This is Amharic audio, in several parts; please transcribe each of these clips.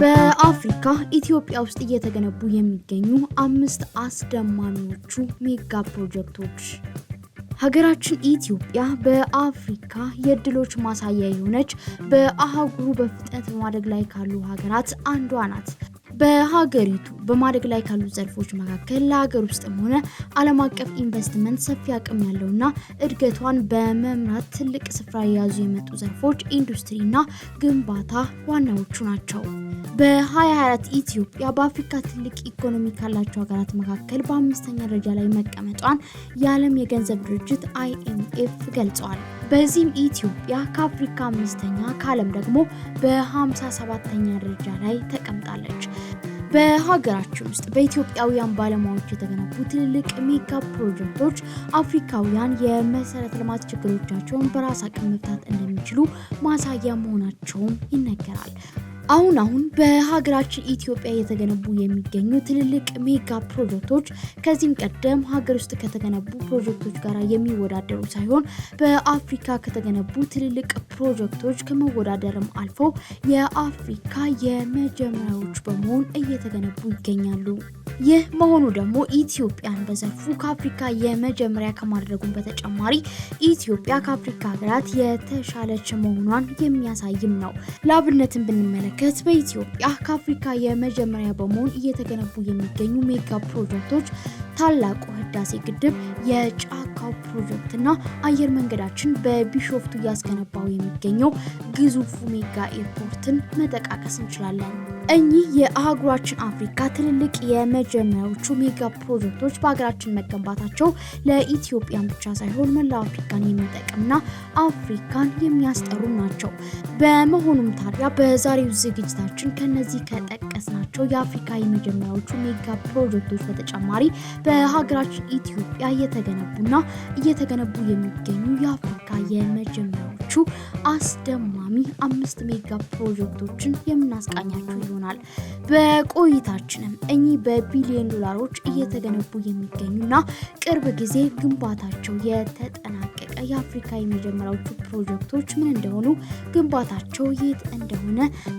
በአፍሪካ ኢትዮጵያ ውስጥ እየተገነቡ የሚገኙ አምስት አስደማሚዎቹ ሜጋ ፕሮጀክቶች። ሀገራችን ኢትዮጵያ በአፍሪካ የእድሎች ማሳያ የሆነች በአህጉሩ በፍጥነት በማደግ ላይ ካሉ ሀገራት አንዷ ናት። በሀገሪቱ በማደግ ላይ ካሉ ዘርፎች መካከል ለሀገር ውስጥም ሆነ ዓለም አቀፍ ኢንቨስትመንት ሰፊ አቅም ያለውና እድገቷን በመምራት ትልቅ ስፍራ የያዙ የመጡ ዘርፎች ኢንዱስትሪና ግንባታ ዋናዎቹ ናቸው። በ2024 ኢትዮጵያ በአፍሪካ ትልቅ ኢኮኖሚ ካላቸው ሀገራት መካከል በአምስተኛ ደረጃ ላይ መቀመጧን የዓለም የገንዘብ ድርጅት አይኤምኤፍ ገልጸዋል። በዚህም ኢትዮጵያ ከአፍሪካ አምስተኛ ከዓለም ደግሞ በ57ተኛ ደረጃ ላይ ተቀምጣለች። በሀገራችን ውስጥ በኢትዮጵያውያን ባለሙያዎች የተገነቡ ትልልቅ ሜጋ ፕሮጀክቶች አፍሪካውያን የመሰረተ ልማት ችግሮቻቸውን በራስ አቅም መፍታት እንደሚችሉ ማሳያ መሆናቸውም ይነገራል። አሁን አሁን በሀገራችን ኢትዮጵያ እየተገነቡ የሚገኙ ትልልቅ ሜጋ ፕሮጀክቶች ከዚህም ቀደም ሀገር ውስጥ ከተገነቡ ፕሮጀክቶች ጋር የሚወዳደሩ ሳይሆን በአፍሪካ ከተገነቡ ትልልቅ ፕሮጀክቶች ከመወዳደርም አልፈው የአፍሪካ የመጀመሪያዎች በመሆን እየተገነቡ ይገኛሉ። ይህ መሆኑ ደግሞ ኢትዮጵያን በዘርፉ ከአፍሪካ የመጀመሪያ ከማድረጉን በተጨማሪ ኢትዮጵያ ከአፍሪካ ሀገራት የተሻለች መሆኗን የሚያሳይም ነው። ለአብነትን ብንመለከት በኢትዮጵያ ከአፍሪካ የመጀመሪያ በመሆን እየተገነቡ የሚገኙ ሜጋ ፕሮጀክቶች ታላቁ ህዳሴ ግድብ፣ የጫካው ፕሮጀክትና አየር መንገዳችን በቢሾፍቱ እያስገነባው የሚገኘው ግዙፉ ሜጋ ኤርፖርትን መጠቃቀስ እንችላለን። እኚህ የአህጉራችን አፍሪካ ትልልቅ የመጀመሪያዎቹ ሜጋ ፕሮጀክቶች በሀገራችን መገንባታቸው ለኢትዮጵያን ብቻ ሳይሆን መላው አፍሪካን የሚጠቅምና አፍሪካን የሚያስጠሩ ናቸው። በመሆኑም ታዲያ በዛሬው ዝግጅታችን ከነዚህ ከጠቀስናቸው የአፍሪካ የመጀመሪያዎቹ ሜጋ ፕሮጀክቶች በተጨማሪ በሀገራችን ኢትዮጵያ እየተገነቡና እየተገነቡ የሚገኙ የአፍሪካ የመጀመሪያ ያልናችሁ አስደማሚ አምስት ሜጋ ፕሮጀክቶችን የምናስቃኛችሁ ይሆናል። በቆይታችንም እኚህ በቢሊዮን ዶላሮች እየተገነቡ የሚገኙና ቅርብ ጊዜ ግንባታቸው የተጠናቀ የአፍሪካ የመጀመሪያዎቹ ፕሮጀክቶች ምን እንደሆኑ፣ ግንባታቸው የት እንደሆነ፣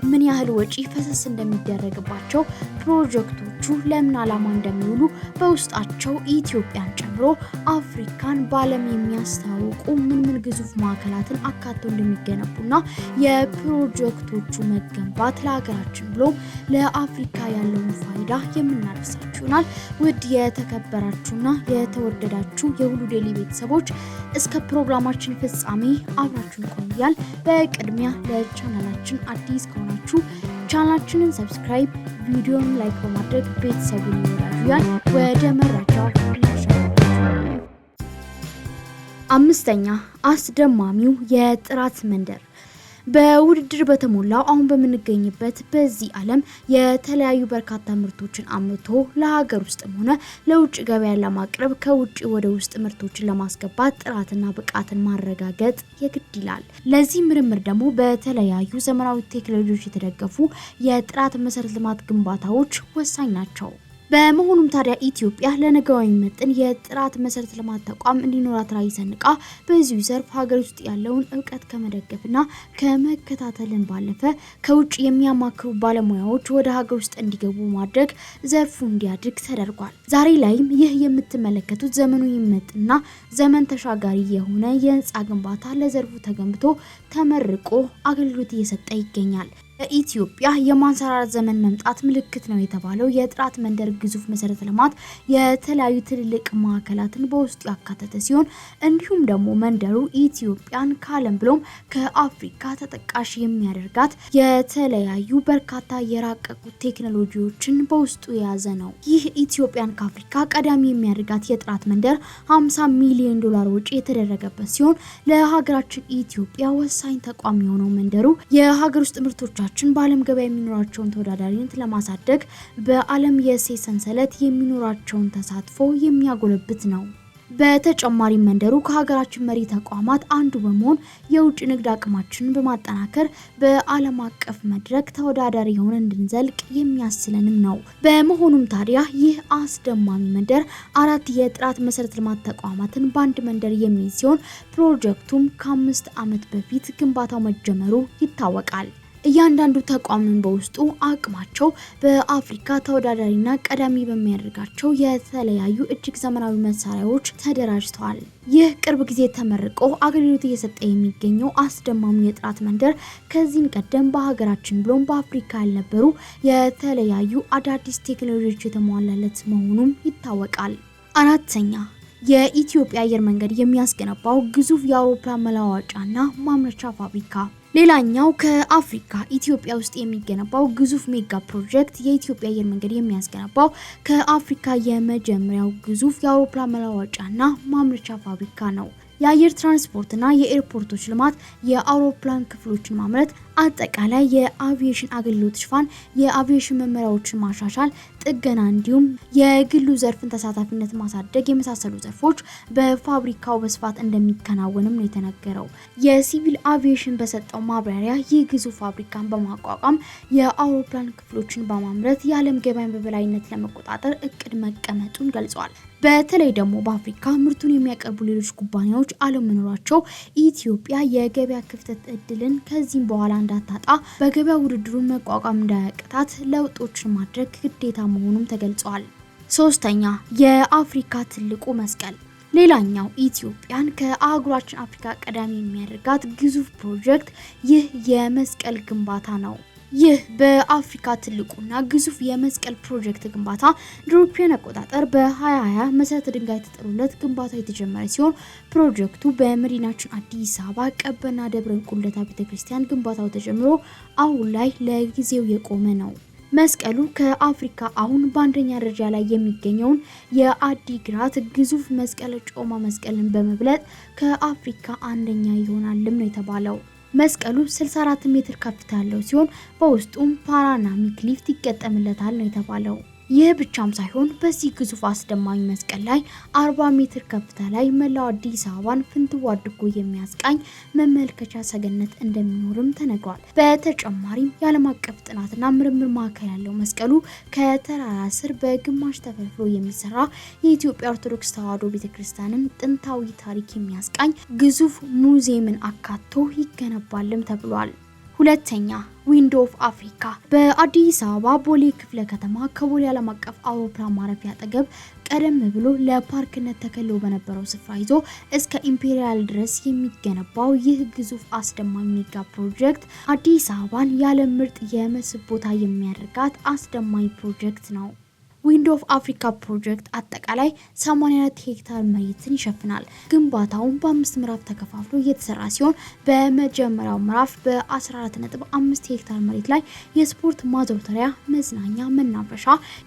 ምን ያህል ወጪ ፈሰስ እንደሚደረግባቸው፣ ፕሮጀክቶቹ ለምን ዓላማ እንደሚውሉ በውስጣቸው ኢትዮጵያን ጨምሮ አፍሪካን በዓለም የሚያስተዋውቁ ምን ምን ግዙፍ ማዕከላትን አካተው እንደሚገነቡና የፕሮጀክቶቹ መገንባት ለሀገራችን ብሎም ለአፍሪካ ያለውን ፋይዳ የምናደርሳቸው ይሆናል። ውድ የተከበራችሁና የተወደዳችሁ የሁሉ ዴይሊ ቤተሰቦች እስከ ፕሮግራማችን ፍጻሜ አብራችሁን ቆያል። በቅድሚያ ለቻናላችን አዲስ ከሆናችሁ ቻናላችንን ሰብስክራይብ፣ ቪዲዮን ላይክ በማድረግ ቤተሰቡን ይወዳጁያል። ወደ መረጃ አምስተኛ አስደማሚው የጥራት መንደር በውድድር በተሞላው አሁን በምንገኝበት በዚህ ዓለም የተለያዩ በርካታ ምርቶችን አምርቶ ለሀገር ውስጥም ሆነ ለውጭ ገበያ ለማቅረብ ከውጭ ወደ ውስጥ ምርቶችን ለማስገባት ጥራትና ብቃትን ማረጋገጥ የግድ ይላል። ለዚህ ምርምር ደግሞ በተለያዩ ዘመናዊ ቴክኖሎጂዎች የተደገፉ የጥራት መሰረተ ልማት ግንባታዎች ወሳኝ ናቸው። በመሆኑም ታዲያ ኢትዮጵያ ለነገዋ የሚመጥን የጥራት መሰረተ ልማት ተቋም እንዲኖራት ራዕይ ሰንቃ በዚሁ ዘርፍ ሀገር ውስጥ ያለውን እውቀት ከመደገፍና ከመከታተልን ባለፈ ከውጭ የሚያማክሩ ባለሙያዎች ወደ ሀገር ውስጥ እንዲገቡ ማድረግ ዘርፉ እንዲያድግ ተደርጓል። ዛሬ ላይም ይህ የምትመለከቱት ዘመኑ የሚመጥንና ዘመን ተሻጋሪ የሆነ የህንፃ ግንባታ ለዘርፉ ተገንብቶ ተመርቆ አገልግሎት እየሰጠ ይገኛል። በኢትዮጵያ የማንሰራራት ዘመን መምጣት ምልክት ነው የተባለው የጥራት መንደር ግዙፍ መሰረተ ልማት የተለያዩ ትልልቅ ማዕከላትን በውስጡ ያካተተ ሲሆን እንዲሁም ደግሞ መንደሩ ኢትዮጵያን ከዓለም ብሎም ከአፍሪካ ተጠቃሽ የሚያደርጋት የተለያዩ በርካታ የራቀቁ ቴክኖሎጂዎችን በውስጡ የያዘ ነው። ይህ ኢትዮጵያን ከአፍሪካ ቀዳሚ የሚያደርጋት የጥራት መንደር 50 ሚሊዮን ዶላር ወጪ የተደረገበት ሲሆን ለሀገራችን ኢትዮጵያ ወሳኝ ተቋም የሆነው መንደሩ የሀገር ውስጥ ምርቶች ሀገራችን በዓለም ገበያ የሚኖራቸውን ተወዳዳሪነት ለማሳደግ በዓለም የእሴት ሰንሰለት የሚኖራቸውን ተሳትፎ የሚያጎለብት ነው። በተጨማሪም መንደሩ ከሀገራችን መሪ ተቋማት አንዱ በመሆን የውጭ ንግድ አቅማችንን በማጠናከር በዓለም አቀፍ መድረክ ተወዳዳሪ የሆነ እንድንዘልቅ የሚያስችለንም ነው። በመሆኑም ታዲያ ይህ አስደማሚ መንደር አራት የጥራት መሰረተ ልማት ተቋማትን በአንድ መንደር የሚይዝ ሲሆን ፕሮጀክቱም ከአምስት ዓመት በፊት ግንባታው መጀመሩ ይታወቃል። እያንዳንዱ ተቋምን በውስጡ አቅማቸው በአፍሪካ ተወዳዳሪና ቀዳሚ በሚያደርጋቸው የተለያዩ እጅግ ዘመናዊ መሳሪያዎች ተደራጅተዋል። ይህ ቅርብ ጊዜ ተመርቆ አገልግሎት እየሰጠ የሚገኘው አስደማሚ የጥራት መንደር ከዚህም ቀደም በሀገራችን ብሎም በአፍሪካ ያልነበሩ የተለያዩ አዳዲስ ቴክኖሎጂዎች የተሟላለት መሆኑም ይታወቃል። አራተኛ የኢትዮጵያ አየር መንገድ የሚያስገነባው ግዙፍ የአውሮፕላን መለዋወጫና ማምረቻ ፋብሪካ ሌላኛው ከአፍሪካ ኢትዮጵያ ውስጥ የሚገነባው ግዙፍ ሜጋ ፕሮጀክት የኢትዮጵያ አየር መንገድ የሚያስገነባው ከአፍሪካ የመጀመሪያው ግዙፍ የአውሮፕላን መለዋወጫና ማምረቻ ፋብሪካ ነው። የአየር ትራንስፖርትና የኤርፖርቶች ልማት የአውሮፕላን ክፍሎችን ማምረት አጠቃላይ የአቪዬሽን አገልግሎት ሽፋን፣ የአቪዬሽን መመሪያዎችን ማሻሻል፣ ጥገና እንዲሁም የግሉ ዘርፍን ተሳታፊነት ማሳደግ የመሳሰሉ ዘርፎች በፋብሪካው በስፋት እንደሚከናወንም ነው የተነገረው። የሲቪል አቪዬሽን በሰጠው ማብራሪያ ይህ ግዙፍ ፋብሪካን በማቋቋም የአውሮፕላን ክፍሎችን በማምረት የዓለም ገበያን በበላይነት ለመቆጣጠር እቅድ መቀመጡን ገልጿል። በተለይ ደግሞ በአፍሪካ ምርቱን የሚያቀርቡ ሌሎች ኩባንያዎች አለመኖራቸው ኢትዮጵያ የገበያ ክፍተት እድልን ከዚህም በኋላ እንዳታጣ በገበያ ውድድሩን መቋቋም እንዳያቅታት ለውጦችን ማድረግ ግዴታ መሆኑም ተገልጿል። ሶስተኛ የአፍሪካ ትልቁ መስቀል ሌላኛው ኢትዮጵያን ከአህጉራችን አፍሪካ ቀዳሚ የሚያደርጋት ግዙፍ ፕሮጀክት ይህ የመስቀል ግንባታ ነው። ይህ በአፍሪካ ትልቁና ግዙፍ የመስቀል ፕሮጀክት ግንባታ ድሮፒያን አቆጣጠር በ2020 መሰረተ ድንጋይ ተጥሎለት ግንባታ የተጀመረ ሲሆን ፕሮጀክቱ በመዲናችን አዲስ አበባ ቀበና ደብረ ቁለታ ቤተክርስቲያን ግንባታው ተጀምሮ አሁን ላይ ለጊዜው የቆመ ነው። መስቀሉ ከአፍሪካ አሁን በአንደኛ ደረጃ ላይ የሚገኘውን የአዲግራት ግዙፍ መስቀል ጮማ መስቀልን በመብለጥ ከአፍሪካ አንደኛ ይሆናልም ነው የተባለው። መስቀሉ 64 ሜትር ከፍታ ያለው ሲሆን በውስጡም ፓራናሚክ ሊፍት ይገጠምለታል ነው የተባለው። ይህ ብቻም ሳይሆን በዚህ ግዙፍ አስደማኝ መስቀል ላይ 40 ሜትር ከፍታ ላይ መላው አዲስ አበባን ፍንትው አድርጎ የሚያስቃኝ መመልከቻ ሰገነት እንደሚኖርም ተነግሯል። በተጨማሪም የዓለም አቀፍ ጥናትና ምርምር ማዕከል ያለው መስቀሉ ከተራራ ስር በግማሽ ተፈልፍሎ የሚሰራ የኢትዮጵያ ኦርቶዶክስ ተዋሕዶ ቤተክርስቲያንን ጥንታዊ ታሪክ የሚያስቃኝ ግዙፍ ሙዚየምን አካቶ ይገነባልም ተብሏል። ሁለተኛ ዊንዶ ኦፍ አፍሪካ በአዲስ አበባ ቦሌ ክፍለ ከተማ ከቦሌ ዓለም አቀፍ አውሮፕላን ማረፊያ አጠገብ ቀደም ብሎ ለፓርክነት ተከሎ በነበረው ስፍራ ይዞ እስከ ኢምፔሪያል ድረስ የሚገነባው ይህ ግዙፍ አስደማሚ ሜጋ ፕሮጀክት አዲስ አበባን የዓለም ምርጥ የመስህብ ቦታ የሚያደርጋት አስደማኝ ፕሮጀክት ነው። ዊንዶ ኦፍ አፍሪካ ፕሮጀክት አጠቃላይ 84 ሄክታር መሬትን ይሸፍናል። ግንባታውን በአምስት ምዕራፍ ተከፋፍሎ እየተሰራ ሲሆን በመጀመሪያው ምዕራፍ በ14.5 ሄክታር መሬት ላይ የስፖርት ማዘውተሪያ፣ መዝናኛ፣ መናፈሻ፣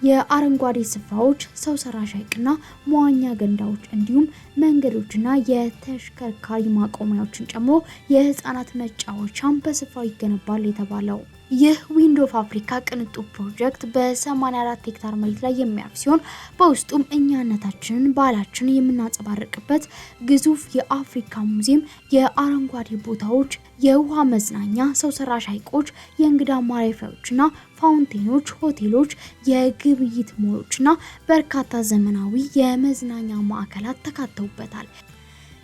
የአረንጓዴ ስፍራዎች፣ ሰው ሰራሽ ሐይቅና መዋኛ ገንዳዎች እንዲሁም መንገዶችና የተሽከርካሪ ማቆሚያዎችን ጨምሮ የህፃናት መጫወቻም በስፍራው ይገነባል የተባለው ይህ ዊንድ ኦፍ አፍሪካ ቅንጡ ፕሮጀክት በ84 ሄክታር መሬት ላይ የሚያርፍ ሲሆን በውስጡም እኛነታችንን፣ ባህላችንን የምናንጸባርቅበት ግዙፍ የአፍሪካ ሙዚየም፣ የአረንጓዴ ቦታዎች፣ የውሃ መዝናኛ፣ ሰው ሰራሽ ሐይቆች፣ የእንግዳ ማረፊያዎችና ፋውንቴኖች፣ ሆቴሎች፣ የግብይት ሞሎችና በርካታ ዘመናዊ የመዝናኛ ማዕከላት ተካተውበታል።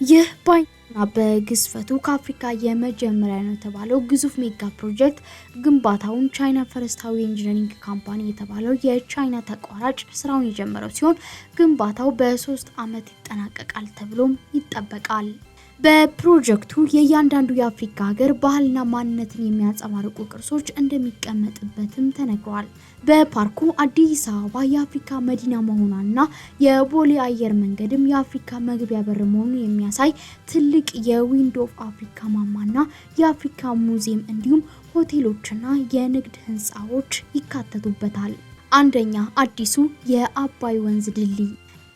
ይህ ባይ እና በግዝፈቱ ከአፍሪካ የመጀመሪያ ነው የተባለው ግዙፍ ሜጋ ፕሮጀክት ግንባታውን ቻይና ፈረስታዊ ኢንጂነሪንግ ካምፓኒ የተባለው የቻይና ተቋራጭ ስራውን የጀመረው ሲሆን ግንባታው በሶስት ዓመት ይጠናቀቃል ተብሎም ይጠበቃል። በፕሮጀክቱ የእያንዳንዱ የአፍሪካ ሀገር ባህልና ማንነትን የሚያንጸባርቁ ቅርሶች እንደሚቀመጥበትም ተነግሯል። በፓርኩ አዲስ አበባ የአፍሪካ መዲና መሆኗና የቦሌ አየር መንገድም የአፍሪካ መግቢያ በር መሆኑን የሚያሳይ ትልቅ የዊንዶ ኦፍ አፍሪካ ማማና የአፍሪካ ሙዚየም እንዲሁም ሆቴሎችና የንግድ ህንፃዎች ይካተቱበታል። አንደኛ አዲሱ የአባይ ወንዝ ድልድይ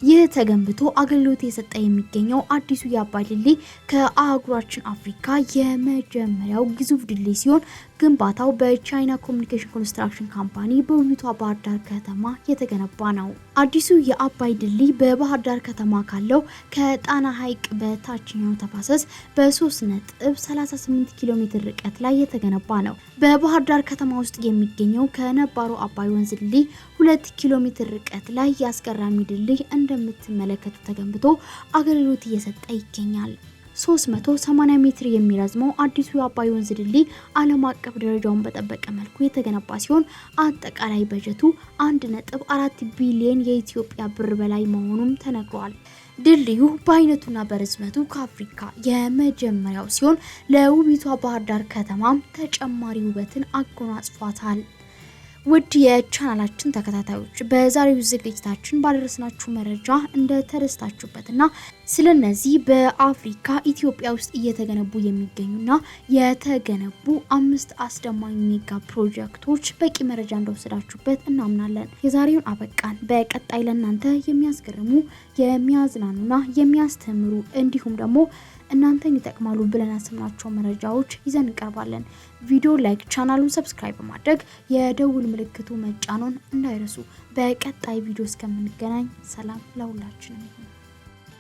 ይህ ተገንብቶ አገልግሎት የሰጠ የሚገኘው አዲሱ የአባይ ድልድይ ከአህጉራችን አፍሪካ የመጀመሪያው ግዙፍ ድልድይ ሲሆን ግንባታው በቻይና ኮሚኒኬሽን ኮንስትራክሽን ካምፓኒ በውቢቷ ባህር ዳር ከተማ የተገነባ ነው። አዲሱ የአባይ ድልድይ በባህር ዳር ከተማ ካለው ከጣና ሐይቅ በታችኛው ተፋሰስ በ3 ነጥብ 38 ኪሎ ሜትር ርቀት ላይ የተገነባ ነው። በባህር ዳር ከተማ ውስጥ የሚገኘው ከነባሩ አባይ ወንዝ ድልድይ 2 ኪሎ ሜትር ርቀት ላይ የአስገራሚ ድልድይ እንደምትመለከቱ ተገንብቶ አገልግሎት እየሰጠ ይገኛል። 380 ሜትር የሚረዝመው አዲሱ የአባይ ወንዝ ድልድይ ዓለም አቀፍ ደረጃውን በጠበቀ መልኩ የተገነባ ሲሆን አጠቃላይ በጀቱ 1.4 ቢሊዮን የኢትዮጵያ ብር በላይ መሆኑም ተነግሯል። ድልድዩ በአይነቱና በርዝመቱ ከአፍሪካ የመጀመሪያው ሲሆን ለውቢቷ ባህር ዳር ከተማም ተጨማሪ ውበትን አጎናጽፏታል። ውድ የቻናላችን ተከታታዮች በዛሬው ዝግጅታችን ባደረስናችሁ መረጃ እንደተደስታችሁበትና ስለነዚህ በአፍሪካ ኢትዮጵያ ውስጥ እየተገነቡ የሚገኙና የተገነቡ አምስት አስደማኝ ሜጋ ፕሮጀክቶች በቂ መረጃ እንደወሰዳችሁበት እናምናለን። የዛሬውን አበቃን። በቀጣይ ለእናንተ የሚያስገርሙ የሚያዝናኑና የሚያስተምሩ እንዲሁም ደግሞ እናንተን ይጠቅማሉ ብለን ያሰብናቸው መረጃዎች ይዘን እንቀርባለን። ቪዲዮ ላይክ፣ ቻናሉን ሰብስክራይብ በማድረግ የደውል ምልክቱ መጫኖን እንዳይረሱ። በቀጣይ ቪዲዮ እስከምንገናኝ ሰላም ለሁላችንም ይሁን።